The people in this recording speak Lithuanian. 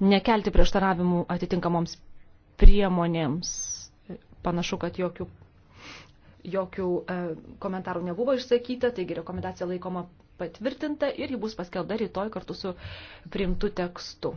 nekelti prieštaravimų atitinkamoms priemonėms. Panašu, kad jokių, jokių e, komentarų nebuvo išsakyta, taigi rekomendacija laikoma patvirtinta ir ji bus paskelbta rytoj kartu su priimtu tekstu.